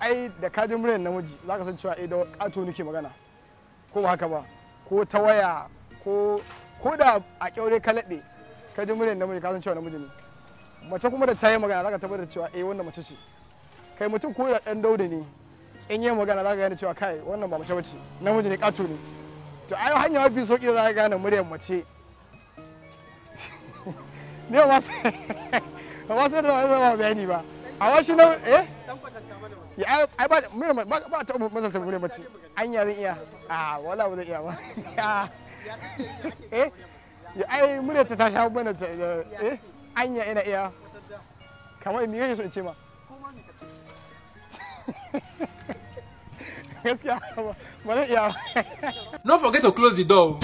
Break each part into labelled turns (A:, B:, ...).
A: ai da kajin muryar namiji za ka san cewa eh da ƙato nake magana ko ba haka ba ko ta waya ko ko da a kyaure ka laɗe kajin muryar namiji ka san cewa namiji ne mace kuma da ta yi magana za ka tabbatar cewa eh wannan mace ce kai mutum ko da ɗan dauda ne in yi magana za ka gane cewa kai wannan ba mace bace namiji ne ƙato ne to ai hanya mafi soki da za ka gane muryar mace ne ba ma sai da ba bayani ba
B: a washi na eh
A: ai ba ba ba ta mace an ya iya wala ba iya ba eh ai ta ta bana eh ina iya kamar in ce ma gaskiya ba zan iya no forget to close the door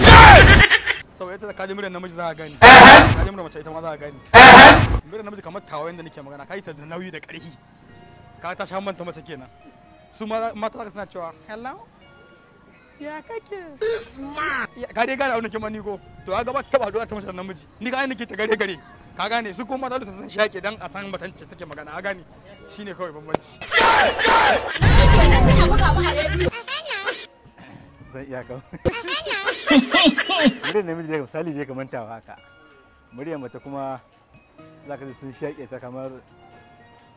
A: saboda ita ka ji muryar namiji za ka gani eh, eh. ka ji muryar mace ita ma za ka gani eh, muryar namiji kamar tawa yanda nake magana ka yi ta da nauyi da ƙarfi ka ta sha manta mace kenan su mata za ka suna cewa hello ya kake ka dai gane abin da ke mani ko to ka ba taba haduwa ta mace da namiji ni ka nake ta gare gare ka gane su kuma mata su san shaƙe dan a san macen ce take magana ka gane shine kawai bambanci zan iya kawai muryar namiji daga misali bai kamanta haka muryar mace kuma za ka ji sun shaƙe ta kamar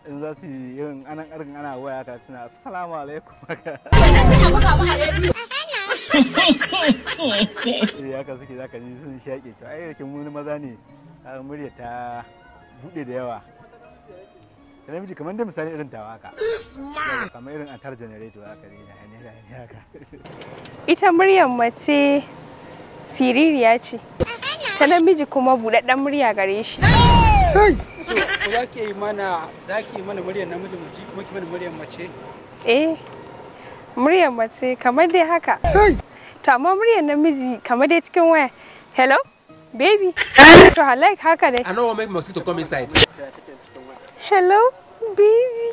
A: in za su yi yin anan ƙarfin ana waya ka suna assalamu alaikum haka eh haka suke za ka ji sun shaƙe ta. ai yake mu maza ne Muryar ta buɗe da yawa Kana miji kamar da misali irin tawa haka kamar irin atar generator haka ne haka ita muryar mace siririya ce ta namiji kuma buɗaɗɗen murya gare shi so za ki mana za ki mana muryar namiji mace kuma ki mana muryar mace eh muryar mace kamar dai haka to amma muryar namiji kamar dai cikin waya hello baby to I like haka dai i know what make mosquito come inside hello baby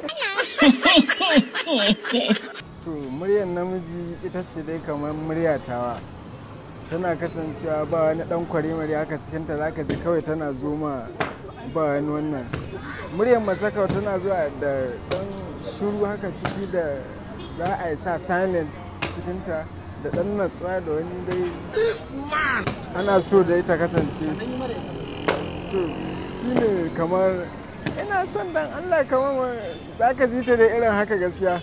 A: to muryar namiji ita ce dai kamar tawa tana kasancewa ba wani dan kwarimari haka cikinta zaka ji kawai tana zoma ba wani wannan muryar mace tana zuwa da dan shuru haka ciki da za a yi sa silent cikinta da dan natsuwa da wani dai ana so da ita kasance to shine kamar ina son dan allah kamar za ka ji ta da irin haka gaskiya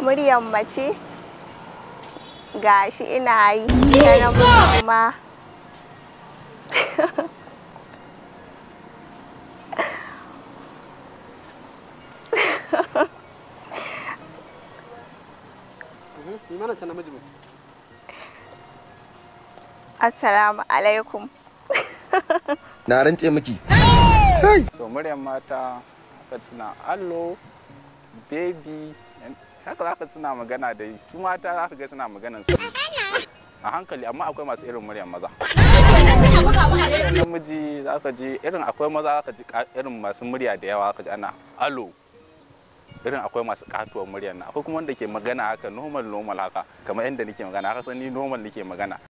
A: muryan mace gashi ina yi na kuma Assalamu alaikum. Na rantse miki. To muryar mata suna allo, baby, haka za ka suna magana da su mata za ka ga suna maganan su a hankali amma akwai masu irin muryar maza namiji za ka ji irin akwai maza za ka ji irin masu murya da yawa ka ji ana alo irin akwai masu katuwar muryar na akwai kuma wanda ke magana haka normal normal haka kamar yadda nake magana haka sani normal nake magana